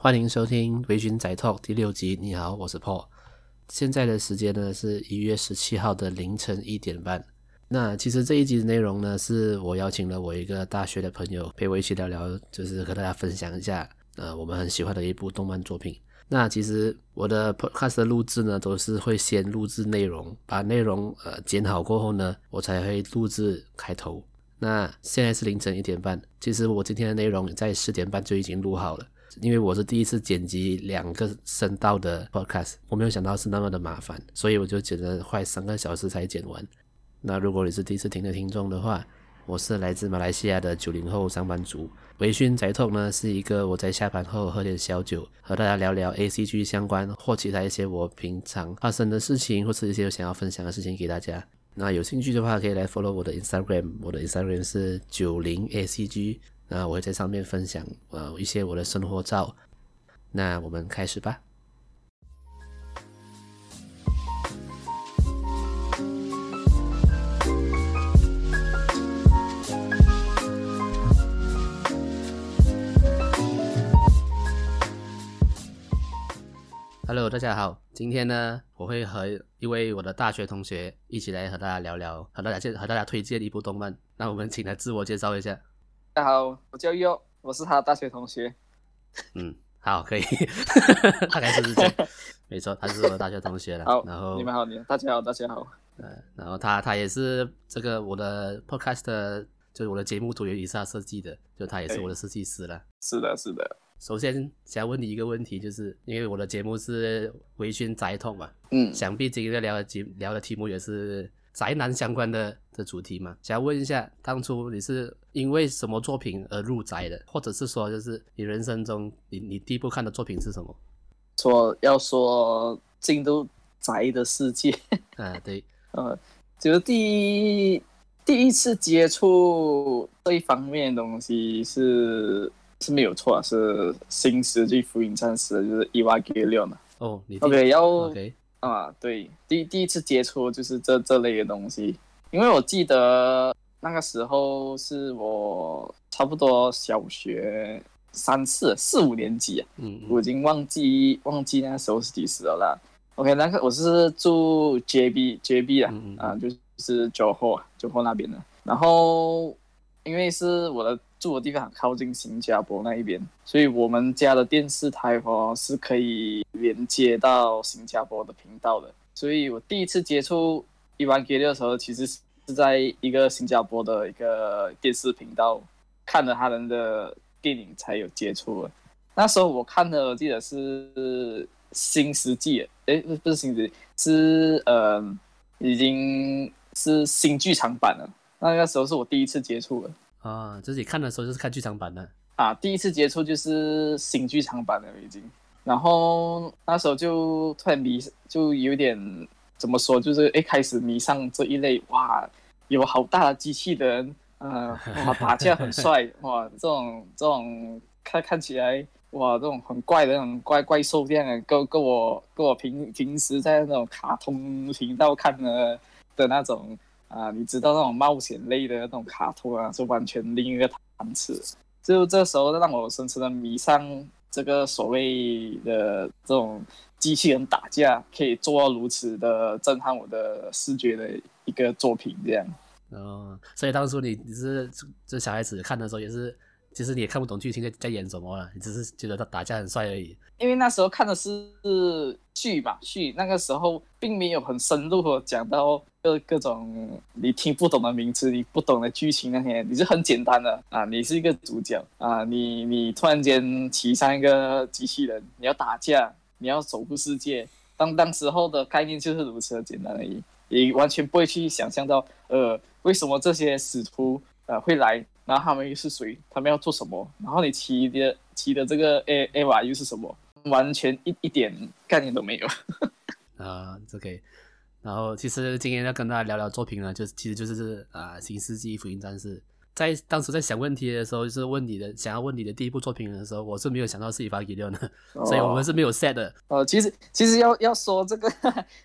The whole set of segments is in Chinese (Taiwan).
歡迎收聽《微醺宅 Talk》第六集。你好，我是 Paul。現在的時間呢是一月十七號的凌晨一點半。那其實這一集的內容呢，是我邀請了我一個大學的朋友陪我一起聊聊，就是和大家分享一下呃我們很喜歡的一部動漫作品。那其實我的 Podcast 的錄製呢，都是會先錄製內容，把內容呃剪好過後呢，我才會錄製開頭。那現在是凌晨一點半，其實我今天的內容在四點半就已經錄好了。因為我是第一次剪輯兩個聲道的 podcast，我沒有想到是那麼的麻煩，所以我就剪了快三個小時才剪完。那如果你是第一次聽的聽眾的話，我是來自馬來西亞的九零後上班族，微醺宅 Talk 呢是一個我在下班後喝點小酒，和大家聊聊 ACG 相關或其他一些我平常發生的事情，或是一些想要分享的事情給大家。那有興趣的話可以來 follow 我的 Instagram，我的 Instagram 是九零 ACG。那我會在上面分享呃一些我的生活照。那我們開始吧。Hello，大家好，今天呢，我會和一位我的大學同學一起來和大家聊聊，和大家介和大家推薦一部動漫。那我們請來自我介紹一下。大家好，我叫佑，我是他的大學同學。嗯，好，可以，他開始之前， 沒錯，他是我的大學同學了。 好，然後你們好，你好，大家好，大家好。嗯、呃，然後他他也是這個我的 podcast，的就是我的節目主圖也是他設計的，okay. 就他也是我的設計師了。是的，是的。首先想問你一個問題，就是因為我的節目是微醺宅 Talk 嘛，嗯，想必今天聊的題聊的題目也是宅男相關的，的主題嘛，想要問一下，當初你是因為什麼作品而入宅的，或者是說，就是你人生中你你第一部看的作品是什麼？說要說進入宅的世界， 啊對，呃，就是第一第一次接觸這一方面的東西是是沒有錯啊，是《新世紀福音戰士》，就是 Evangelion 嘛。哦你，OK，要 okay. 啊，對，第第一次接觸就是這這類的東西。因為我記得那個時候是我差不多小學三四四五年級啊，我已經忘記忘記那個時候是幾時了啦。OK，那個我是住 JB JB 啊、嗯嗯嗯、啊，就是 Johor Johor 那邊的。然後因為是我的住的地方很靠近新加坡那一邊，所以我們家的電視台哦是可以連接到新加坡的頻道的。所以我第一次接觸。一般結的時候，其實是在一個新加坡的一個電視頻道，看了他人的電影才有接觸的。那時候我看的，我記得是新時《新世紀》，哎，不不是，是《新世紀》，是呃，已經是新劇場版了。那個時候是我第一次接觸的啊，自己看的時候就是看劇場版的啊，第一次接觸就是新劇場版了已經。然後那時候就突然迷，就有點。怎麼說？就是一開始迷上這一類哇，有好大的機器的人，呃，哇，打架很帥哇，這種這種看看起來哇，這種很怪的那種怪怪獸這樣的，跟我跟我平平時在那種卡通頻道看的的那種啊，呃，你知道那種冒險類的那種卡通啊，是完全另一個檔次。就這時候讓我深深的迷上。這個所謂的這種機器人打架，可以做到如此的震撼我的視覺的一個作品，這樣。哦，所以當初你你是這小孩子看的時候，也是其實你也看不懂劇情在在演什麼了，你只是覺得他打架很帥而已。因為那時候看的是序吧序，那個時候並沒有很深入的講到。各各種你聽不懂的名詞，你不懂的劇情那些，你是很簡單的啊，你是一個主角啊，你你突然間騎上一個機器人，你要打架，你要守護世界。當當時候的概念就是如此的簡單而已，你完全不會去想象到，呃，為什麼這些使徒呃會來，然後他們又是誰，他們要做什麼，然後你騎的騎的這個 A A I 又是什麼，完全一一點概念都沒有。啊、uh,，OK。然後，其實今天要跟大家聊聊作品呢，就其實就是啊，呃《新世紀福音戰士》在。在當時在想問題的時候，就是問你的想要問你的第一部作品的時候，我是沒有想到是以法《巴里六》的。所以我們是沒有 set 的。呃、哦，其實其實要要說這個，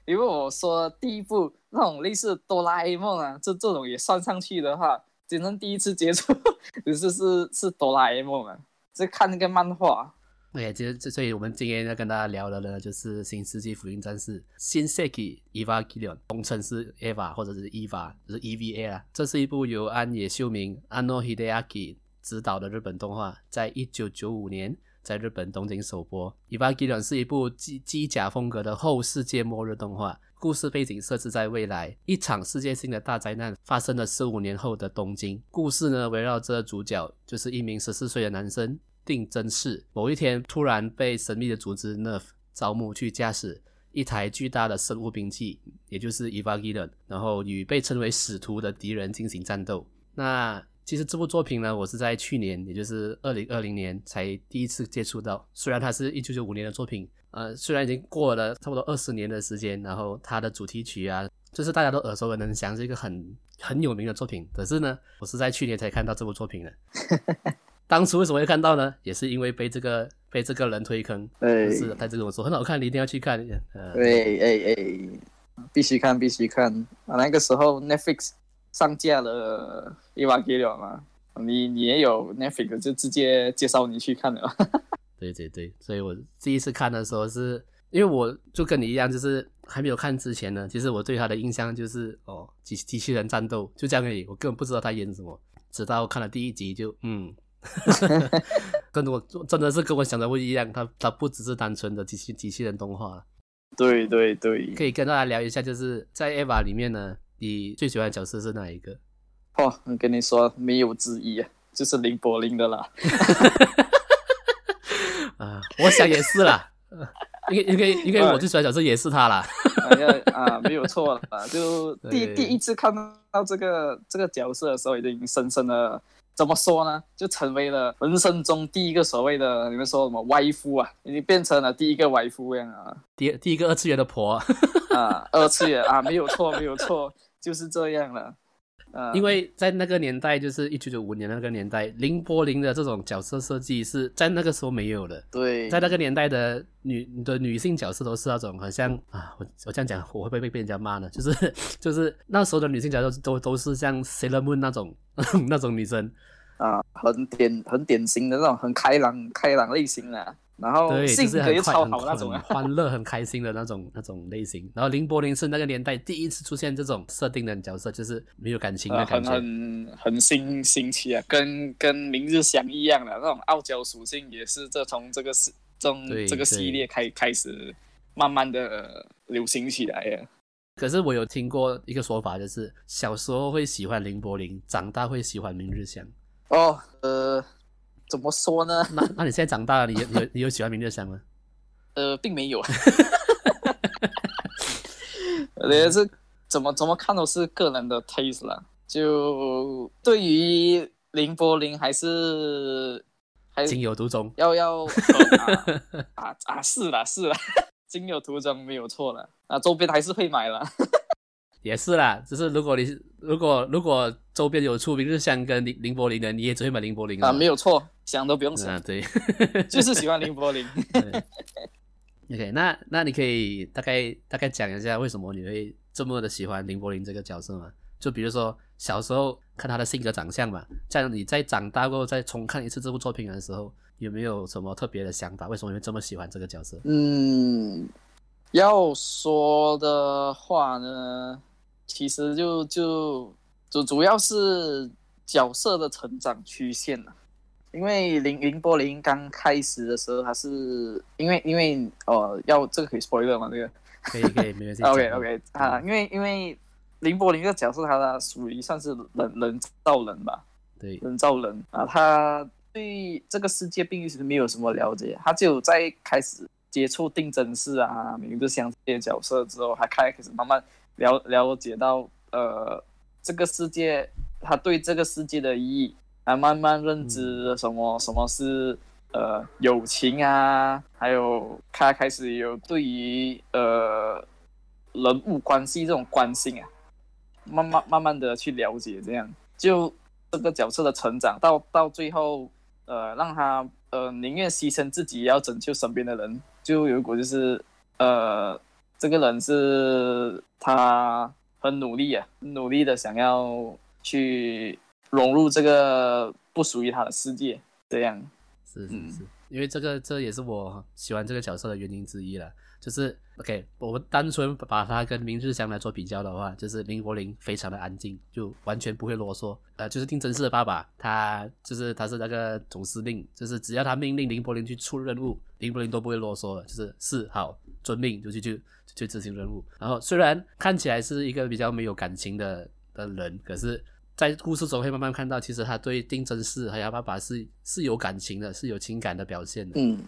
因為我說的第一部那種類似的哆啦 A 夢啊，這這種也算上去的話，只能第一次接觸，只是是是哆啦 A 夢啊，這看那個漫畫。哎，這這，所以我們今天要跟大家聊的呢，就是《新世紀福音戰士》，新世紀 Evangelion，通稱是 EVA，或者是 Eva，就是 EVA 啦。這是一部由安野秀明，Anno Hideaki，執導的日本動畫，在一九九五年在日本東京首播。《Evangelion》是一部機機甲風格的後世界末日動畫，故事背景設置在未來，一場世界性的大災難發生了十五年後的東京。故事呢，圍繞着主角，就是一名十四歲的男生。定真嗣某一天突然被神秘的組織 NERV 招募去駕駛一台巨大的生物兵器，也就是 Evangelion 然後與被稱為使徒的敵人進行戰鬥。那其實這部作品呢，我是在去年，也就是二零二零年才第一次接觸到。雖然它是一九九五年的作品，呃，雖然已經過了差不多二十年的時間，然後它的主題曲啊，就是大家都耳熟能詳，是一個很很有名的作品。可是呢，我是在去年才看到這部作品的。 當初為什麼會看到呢？也是因為被這個被這個人推坑。對，就是他，他就跟我說很好看，你一定要去看。呃、對，哎、欸、哎、欸，必須看，必須看。啊，那個時候 Netflix 上架了 EVA 了嘛，你你也有 Netflix，就直接介紹你去看了。 對對對，所以我第一次看的時候是，是因為我就跟你一樣，就是還沒有看之前呢，其實我對他的印象就是哦，機機器人戰鬥就這樣而已，我根本不知道他演什麼。直到看了第一集就，就嗯。 跟我，我真的是跟我想的不一樣。他它，它不只是單純的機器機器人動畫。對對對，可以跟大家聊一下，就是在 Eva 裡面呢，你最喜歡的角色是哪一個？哦，我跟你說，沒有之一，就是綾波零的啦。 啊，我想也是啦， 因為因為因為我最喜歡的角色也是他啦。啊、 哎、啊，沒有錯了，就第第一次看到這個這個角色的時候，已經深深的。怎麼說呢？就成為了人生中第一個所謂的，你們說什麼歪夫啊，已經變成了第一個歪夫一樣啊，第第一個二次元的婆 啊，二次元啊，沒有錯，沒有錯，就是這樣了。因為在那個年代，就是一九九五年那個年代，綾波零的這種角色設計是在那個時候沒有的。對，在那個年代的女的女性角色都是那種，好像啊，我我這樣講我會不會被人家罵呢？就是就是那時候的女性角色都都是像 Sailor Moon 那種那種，那種女生啊，很典很典型的那種很開朗很開朗類型的、啊。然後性格也很超好，超好那種、啊，歡樂很開心的那種那種類型。 然後綾波零是那個年代第一次出現這種設定的角色，就是沒有感情的感覺，呃、很很，很新新奇啊，跟跟明日香一樣的、啊、那種傲嬌屬性，也是這從這個是中這個系列開開始慢慢的、呃、流行起來了、啊。可是我有聽過一個說法，就是小時候會喜歡綾波零，長大會喜歡明日香。哦，呃。怎麼說呢？那那你現在長大了，你有你有，你有喜歡明日香嗎？呃，並沒有，也 是怎麼怎麼看都是個人的 taste 啦，就對於綾波零，還是，還是。情有獨鍾，要要，嗯，啊啊，啊是啦，是啦。情有獨鍾沒有錯啦。那，啊，周邊還是會買了， 也是啦。只，就是如果你如果如果。如果周邊有出名是像跟綾波零的，你也只會買綾波零啊？沒有錯，想都不用想。啊、對， 就是喜歡綾波零。 OK，那那你可以大概大概講一下為什麼你會這麼的喜歡綾波零這個角色嗎？就比如說小時候看他的性格長相嘛，像你在長大過後再重看一次這部作品的時候，有沒有什麼特別的想法？為什麼你會這麼喜歡這個角色？嗯，要說的話呢，其實就就。主主要是角色的成長曲線啊，因為綾綾波零剛開始的時候，他是因為因為呃、哦，要這個可以 spoiler 嗎？這個可以可以沒問題。 OK OK、嗯、啊，因為因為綾波零的角色，他呢屬於算是人人造人吧，對人造人啊，他對這個世界並不沒有什麼了解，他只有在開始接觸碇真嗣啊、明日香這些角色之後，還開始慢慢了了解到呃。這個世界，他對這個世界的意義，他慢慢認知什麼、嗯、什麼是呃友情啊，還有他開始有對於呃人物關係這種關心啊，慢慢慢慢的去了解，這樣就這個角色的成長到到最後，呃，讓他呃寧願犧牲自己也要拯救身邊的人，就如果就是呃這個人是他。很努力啊，努力的想要去融入這個不屬於他的世界，這樣是是是，嗯，因為這個這也是我喜歡這個角色的原因之一了，就是。OK，我們單純把他跟明日香來做比較的話，就是綾波零非常的安靜，就完全不會囉嗦。呃，就是碇真嗣的爸爸，他就是他是那個總司令，就是只要他命令綾波零去出任務，綾波零都不會囉嗦了，就是是好，遵命就去去去執行任務。然後雖然看起來是一個比較沒有感情的的人，可是，在故事中會慢慢看到，其實他對碇真嗣還有他爸爸是是有感情的，是有情感的表現的。嗯。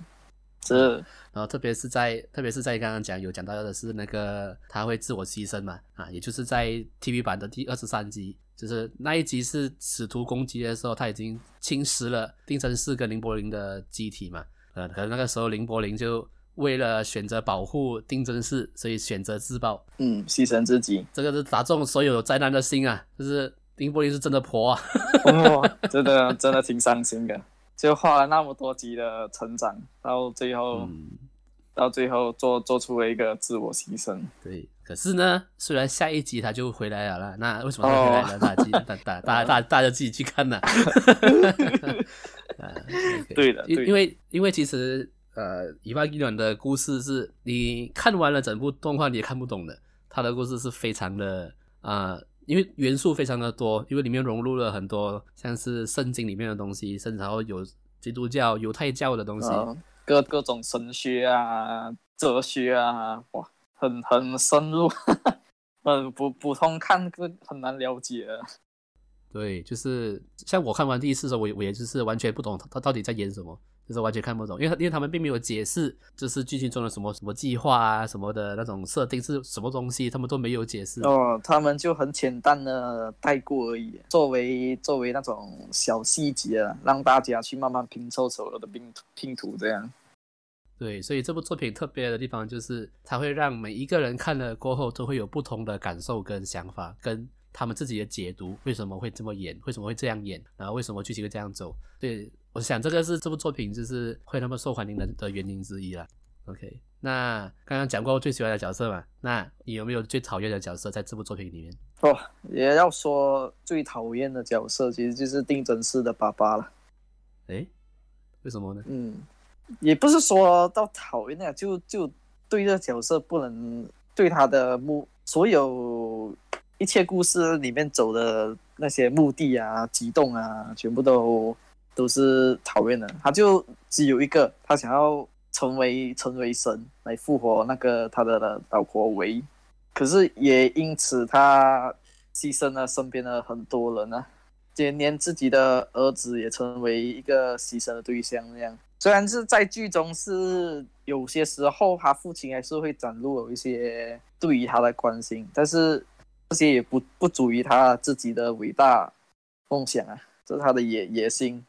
是，然後特別是在特別是在剛剛講有講到的是那個他會自我犧牲嘛，啊，也就是在 TV 版的第二十三集，就是那一集是使徒攻擊的時候，他已經侵蝕了碇真嗣跟綾波零的機體嘛，呃、嗯，可是那個時候綾波零就為了選擇保護碇真嗣，所以選擇自爆，嗯，犧牲自己，這個是打中所有災難的心啊，就是綾波零是真的婆、啊 哦，真的真的挺傷心的。就花了那麼多集的成長，到最後，嗯、到最後做做出了一個自我犧牲。對，可是呢，雖然下一集他就回來了啦，那為什麼他回來了？哦、大集大大大大家自己去看吶、啊？啊、 okay.，對的，因為因為其實呃，《一飯一暖》的故事是，你看完了整部動畫你也看不懂的，他的故事是非常的啊。呃因為元素非常的多，因為裡面融入了很多像是聖經裡面的東西，甚至然後有基督教、猶太教的東西，各各種神學啊、哲學啊，哇，很很深入， 很普普通看很難了解。對，就是像我看完第一次的時候，我我也就是完全不懂他他到底在演什麼。就是完全看不懂，因為他因為他們並沒有解釋，就是劇情中的什麼什麼計劃啊，什麼的那種設定是什麼東西，他們都沒有解釋。哦，他們就很簡單的帶過而已，作為作為那種小細節，讓大家去慢慢拼湊所有的拼拼圖這樣。對，所以這部作品特別的地方就是，它會讓每一個人看了過後，都會有不同的感受跟想法跟。他們自己的解讀，為什麼會這麼演？為什麼會這樣演？然後為什麼劇情會這樣走？對，我想這個是這部作品就是會那麼受歡迎的的原因之一了。OK，那剛剛講過我最喜歡的角色嘛，那你有沒有最討厭的角色在這部作品裡面？哦，也要說最討厭的角色其實就是碇真嗣的爸爸了。哎，為什麼呢？嗯，也不是說到討厭的，就就對這角色不能對他的目所有。一切故事裡面走的那些目的啊、激動啊，全部都都是討厭的。他就只有一個，他想要成為成為神，來復活那個他的老婆唯。可是也因此，他犧牲了身邊的很多人啊，連自己的兒子也成為一個犧牲的對象那樣。雖然是在劇中是有些時候，他父親還是會展露有一些對於他的關心，但是。這些也不不足以他自己的偉大夢想啊，這是他的野野心。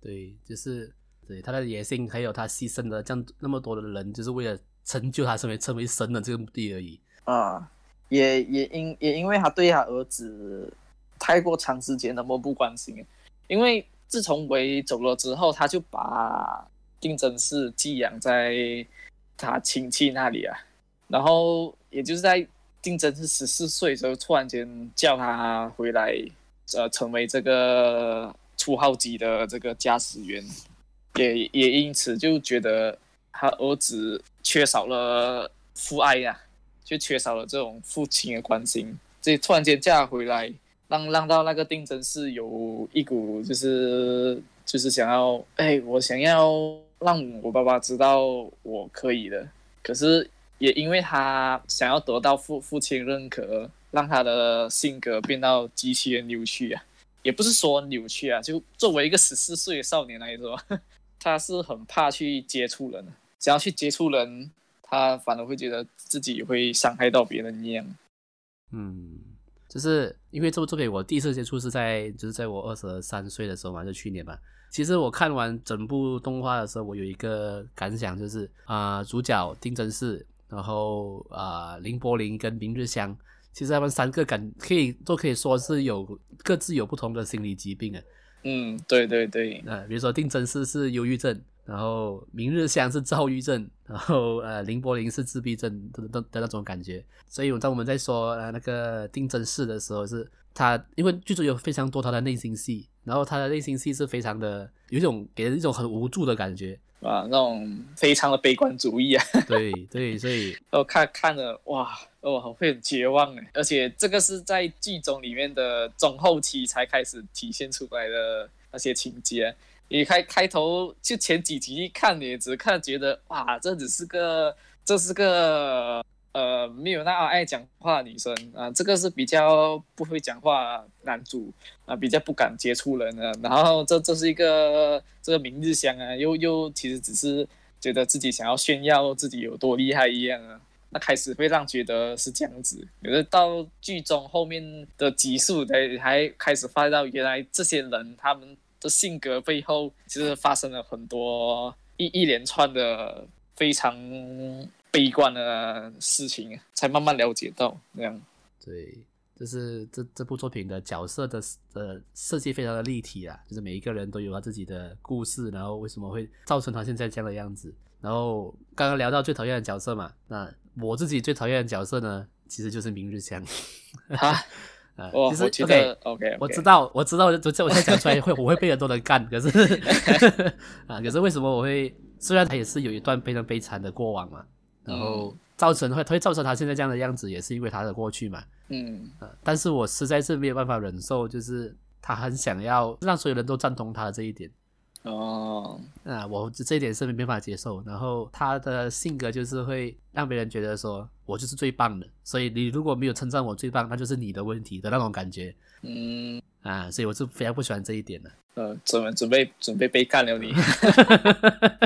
對，就是對他的野心，還有他犧牲的這樣那麼多的人，就是為了成就他成為成為神的這個目的而已。啊、嗯，也也因也因為他對他兒子太過長時間的漠不關心、啊，因為自從唯走了之後，他就把碇真嗣寄養在他親戚那裡啊，然後也就是在。碇真嗣十四歲的時候，突然間叫他回來，呃，成為這個初號機的這個駕駛員，也也因此就覺得他兒子缺少了父愛呀、啊，就缺少了這種父親的關心。所以突然間叫他回來，讓讓到那個碇真嗣有一股就是就是想要，哎、欸，我想要讓我爸爸知道我可以的，可是。也因為他想要得到父父親認可，讓他的性格變到極其的扭曲啊，也不是說扭曲啊，就作為一個十四歲的少年來說，他是很怕去接觸人，只要去接觸人，他反而會覺得自己會傷害到別人一樣。嗯，就是因為這部作品我第一次接觸是在，就是在我二十三歲的時候嘛，就去年吧。其實我看完整部動畫的時候，我有一個感想就是啊、呃，主角碇真嗣然後啊、呃，綾波零跟明日香，其實他們三個感可以都可以說是有各自有不同的心理疾病啊。嗯，對對對。啊、呃，比如說碇真嗣是憂鬱症，然後明日香是躁鬱症，然後呃，綾波零是自閉症的，的的那種感覺。所以當我們在說啊、呃、那個碇真嗣的時候是，是他因為劇中有非常多他的內心戲，然後他的內心戲是非常的有一種給人一種很無助的感覺。啊，那種非常的悲觀主義啊對！對對對，我 看看了，哇，哦，好會很絕望哎！而且這個是在劇中裡面的中後期才開始體現出來的那些情節，啊，你開開頭就前幾集一看也只看得覺得哇，這只是個，這是個。呃，沒有那愛講話女生啊，呃，這個是比較不會講話男主啊，呃，比較不敢接觸人啊。然後這這是一個這個明日香啊，又又其實只是覺得自己想要炫耀自己有多厲害一樣啊。那開始會讓覺得是這樣子，可是到劇中後面的集數的還開始發現到原來這些人他們的性格背後其實發生了很多一一連串的非常，悲觀的事情，啊，才慢慢了解到這樣。對，就是這這部作品的角色的呃設計非常的立體啊，就是每一個人都有他自己的故事，然後為什麼會造成他現在這樣的樣子。然後剛剛聊到最討厭的角色嘛，那我自己最討厭的角色呢，其實就是明日香。啊， 啊哦、其實 OK OK，我知道我知道，我在我現在講出來會 我會被很多人幹，可是 啊，可是為什麼我會？雖然他也是有一段非常悲慘的過往嘛。然後造成會，他、嗯、會造成他現在這樣的樣子，也是因為他的過去嘛。嗯、呃。但是我實在是沒有辦法忍受，就是他很想要讓所有人都贊同他的這一點。哦。啊，我這一點是沒辦法接受。然後他的性格就是會讓別人覺得說，我就是最棒的，所以你如果沒有稱讚我最棒，那就是你的問題的那種感覺。嗯。啊，所以我是非常不喜歡這一點的。呃，怎麼準備準備被幹了你。哈哈哈。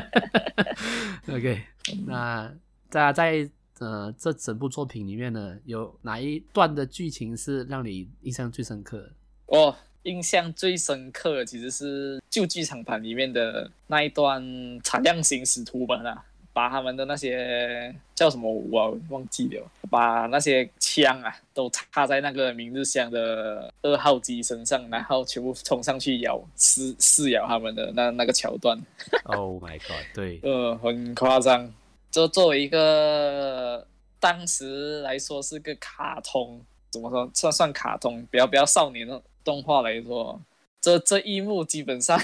OK。那。嗯大、啊、家在呃這整部作品裡面呢，有哪一段的劇情是讓你印象最深刻的？哦，印象最深刻的其實是舊劇場版裡面的那一段產量型使徒啊，把他們的那些叫什麼我忘記了，把那些槍啊都插在那個明日香的二號機身上，然後全部衝上去咬撕撕咬他們的那那個橋段。Oh my god！對，呃，很誇張。就作為一個當時來說是個卡通，怎麼說算算卡通，比較比較少年的動畫來說，這這一幕基本上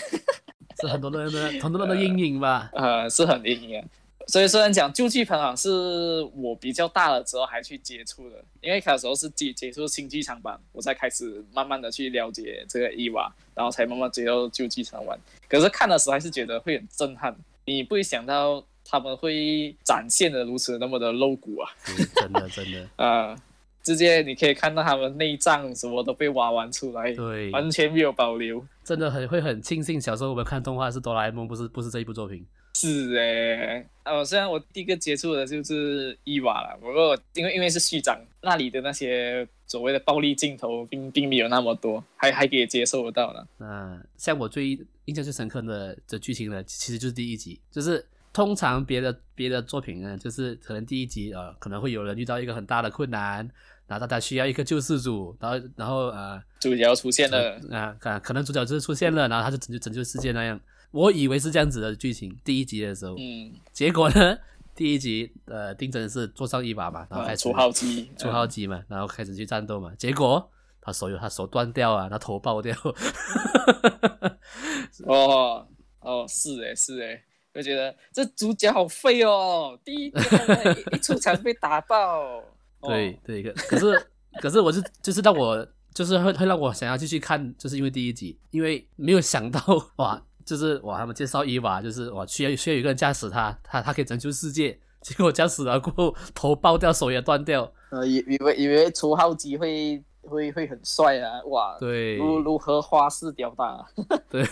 是很多人的很多人的陰影吧。呃，是很陰影。所以雖然講《舊劇場版》啊，是我比較大了之後還去接觸的，因為那時候，是接接觸《新劇場版》，我才開始慢慢的去了解這個伊娃，然後才慢慢接觸《舊劇場版》。可是看的時候還是覺得會很震撼，你不會想到。他們會展現的如此的那麼的露骨啊！真的，真的啊、 呃！直接你可以看到他們內臟什麼都被挖完出來，對，完全沒有保留。真的很會很慶幸小時候我們看動畫是哆啦 A 夢，不是不是這一部作品。是誒、欸，啊、呃，雖然我第一個接觸的就是伊娃了，不過因為因為是續章，那裡的那些所謂的暴力鏡頭並並沒有那麼多，還還可以接受得到了。嗯、呃，像我最印象最深刻的的劇情呢，其實就是第一集，就是。通常別的別的作品呢，就是可能第一集啊、呃，可能會有人遇到一個很大的困難，然後大家需要一個救世主，然後然後呃，主角出現了啊啊、呃，可能主角就是出現了，然後他就拯救拯救世界那樣。我以為是這樣子的劇情，第一集的時候，嗯，結果呢，第一集呃，碇真嗣坐上一把嘛，然後開始初、啊、號機初號機嘛、嗯，然後開始去戰鬥嘛，結果他手有他手斷掉啊，他頭爆掉，哈哈哈哈哈哈。哦哦，是哎、欸、是哎、欸。我覺得這主角好廢哦，第一一, 一出場被打爆。哦、對對，可可是可是我就就是讓我就是會會讓我想要繼續看，就是因為第一集，因為沒有想到哇，就是哇他們介紹伊娃，就是我需要需要有一個人駕駛他，他他可以拯救世界，結果駕駛了過後頭爆掉，手也斷掉。呃，以為以為初號機會。會會很帥啊！哇，對，如如何花式吊打？對，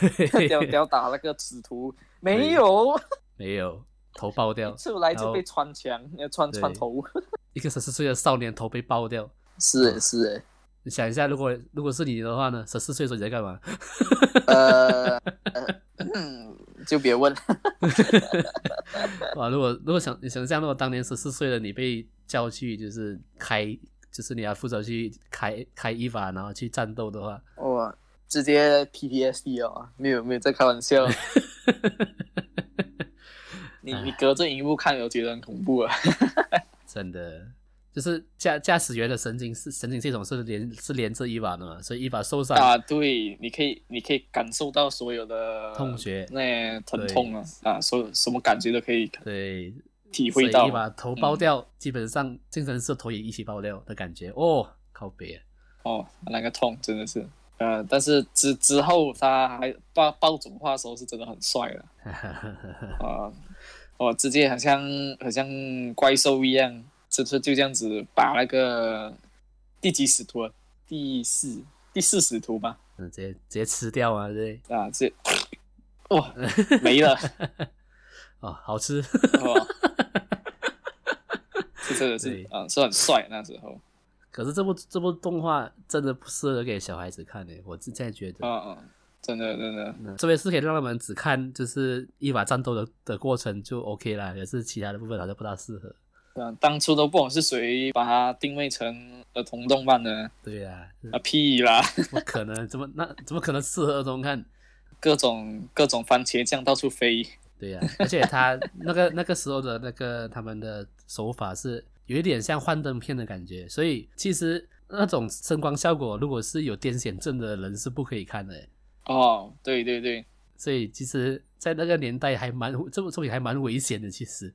吊吊打那個使徒沒有沒有頭爆掉，出來就被穿牆，要穿穿頭，一個十四歲的少年頭被爆掉。是哎是哎，你想一下，如果如果是你的話呢？十四歲的時候你在幹嘛？呃， 嗯、就別問。 哇，如果如果想你想象，如果當年十四歲的你被叫去就是開。就是你要負責去開開 eva 然後去戰鬥的話，哇，直接 PTSD 啊、哦！沒有沒有在開玩笑， 你你隔着熒幕看，有覺得很恐怖啊 真的，就是駕駕駛員的神經是神經系統是連是連着 eva 的嘛，所以 eva 受傷啊，對，你可以你可以感受到所有的痛覺，那疼痛啊啊，所有什麼感覺都可以對。體會到你把頭爆掉，嗯，基本上精神是頭也一起爆掉的感覺哦，靠北，啊，哦，那個痛真的是，呃，但是之之後他還暴暴走化的時候是真的很帥的啊 呃，哦，直接好像好像怪獸一樣，就是就這樣子把那個第幾使徒，第四第四使徒吧，嗯，直接直接吃掉啊，對啊，這哇、 哦、 沒了啊，哦，好吃。 哦是是啊、嗯，是很帥那時候。可是這部這部動畫真的不適合給小孩子看嘞，我之前覺得。啊、哦、啊、哦，真的真的，特、嗯、別是可以讓他們只看就是一把戰鬥的的過程就 OK 啦，也是其他的部分好像不大適合。嗯、啊，當初都不懂是誰把它定位成兒童動漫的。對呀、啊，啊屁啦！怎麼可能，怎麼那怎麼可能適合兒童看？各種各種番茄醬到處飛。 對呀、啊，而且他那個那個時候的那個他們的手法是有一點像幻燈片的感覺，所以其實那種聲光效果，如果是有癲癇症，症的人是不可以看的。哦，對對對，所以其實，在那個年代還蠻這部作品還蠻危險的，其實。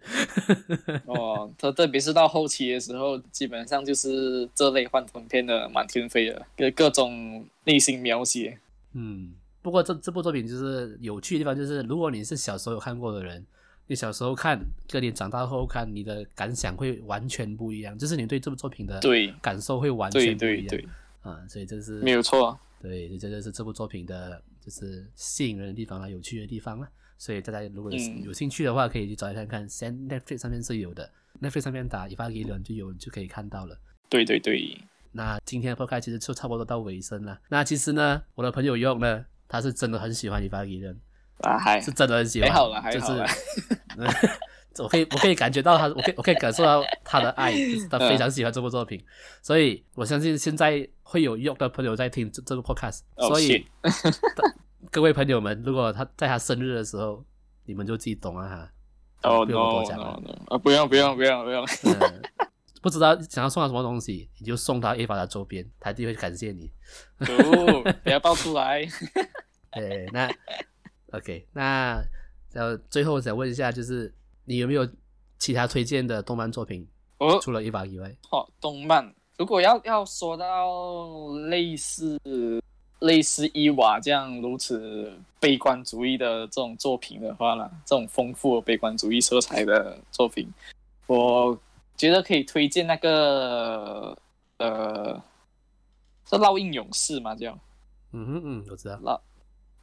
哦，他特別是到後期的時候，基本上就是這類幻燈片的滿天飛了，各各種內心描寫。嗯。不過這這部作品就是有趣的地方，就是如果你是小時候有看過的人，你小時候看跟你長大後看，你的感想會完全不一樣，就是你對這部作品的對感受會完全不一樣啊，所以這是沒有錯、啊，對，這就是這部作品的就是吸引人的地方啦，有趣的地方啦，所以大家如果有興趣的話，嗯、可以去找一看看，先 Netflix 上面是有的，Netflix 上面打一發一兩就有，就可以看到了。對對對，那今天的播客其實就差不多到尾聲了。那其實呢，我的朋友用了。他是真的很喜歡 Evangelion 啊，是真的很喜歡，還好還好就是 我可以，我可以感覺到他，我可以，我可以感受到他的愛，就是他非常喜歡這部作品，嗯、所以我相信現在會有 Eyok 的朋友在聽這部 podcast，、oh, 所以、shit. 各位朋友們，如果他在他生日的時候，你們就自己懂了哈，哦、oh,，不用多講了 no, no, no. 啊，不用，不用，不用，不 用、嗯，不知道想要送他什麼東西，你就送他 EVA 的周邊，他一定會感謝你，不，不要爆出來。哎，那 OK，那呃，最後想問一下，就是你有沒有其他推薦的動漫作品？哦、oh,，除了 Eva 以外，好、哦，動漫如果要要說到類似類似伊娃這樣如此悲觀主義的這種作品的話呢，這種豐富悲觀主義色彩的作品，我覺得可以推薦那個呃，是烙印勇士嗎？這樣，嗯嗯嗯，我知道。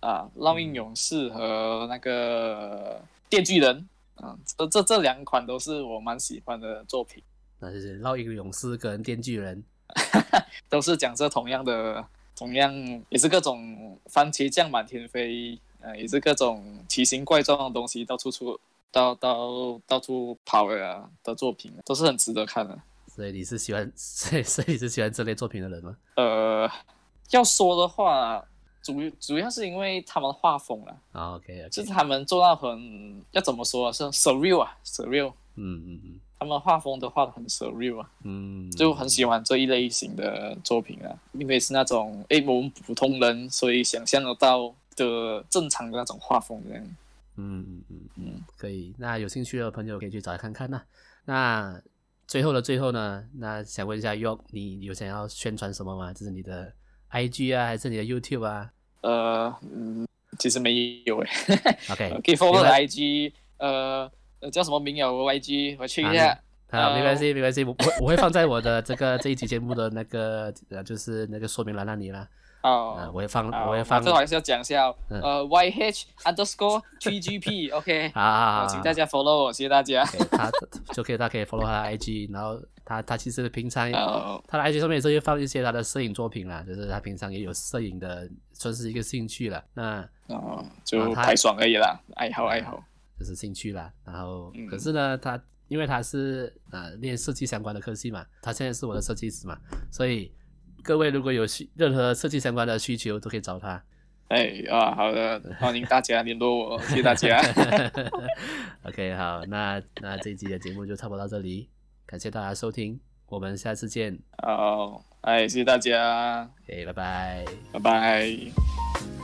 啊，烙印勇士和那個電鋸人，嗯、啊，這這這兩款都是我蠻喜歡的作品。那就是烙印勇士跟電鋸人，哈 哈都是講這同樣的，同樣也是各種番茄醬滿天飛，呃、啊，也是各種奇形怪狀的東西到處出，到到到、到處跑呀的、啊、的作品，啊，都是很值得看的。所以你是喜歡，所以所以你是喜歡這類作品的人嗎？呃，要說的話、啊。主主要是因為他們畫風了、oh, okay,，OK，就是他們做到很，要怎麼說，啊，是 surreal 啊，surreal，嗯嗯嗯，他們畫風都畫的很 surreal 啊，嗯，mm -hmm. 很啊 mm -hmm. 就很喜歡這一類型的作品啊，因為是那種誒、欸、我們普通人所以想象得到的正常的那種畫風這樣，嗯嗯嗯嗯，可以，那有興趣的朋友可以去找來看看吶。那最後的最後呢，那想問一下 Eyok 你有想要宣傳什麼嗎？這是你的。I G 啊，還是你的 YouTube 啊？呃，嗯，其實沒有誒。 OK，給 follow 我的 I G，呃，叫什麼名有我 I G 我去一下。啊、好、呃沒沒，沒關係，沒關係，我我我會放在我的這個 這一期節目的那個呃，就是那個說明欄、啊、那裡啦。哦、oh,，我也放，oh, 我也放。這、oh, 還是要講一下、哦，呃、嗯 uh,，YH underscore 3GP，OK，好，請大家 follow，謝謝大家。他就可以，他可以 follow 他的 IG， 然後他他其實平常、oh. 他的 IG 上面也是會放一些他的攝影作品啦，就是他平常也有攝影的，算是一個興趣了。那哦，oh, 就太爽而已啦，愛、啊、好愛好，就是興趣啦。然後，嗯、可是呢，他因為他是呃練設計相關的科系嘛，他現在是我的設計師嘛，所以。各位如果有需任何設計相關的需求，都可以找他。哎啊，好的，歡迎大家聯絡我，謝謝大家。 OK，好，那那這期的節目就差不多到這裡，感謝大家收聽，我們下次見。好、哦，哎，謝謝大家，哎、Okay，拜拜，拜拜。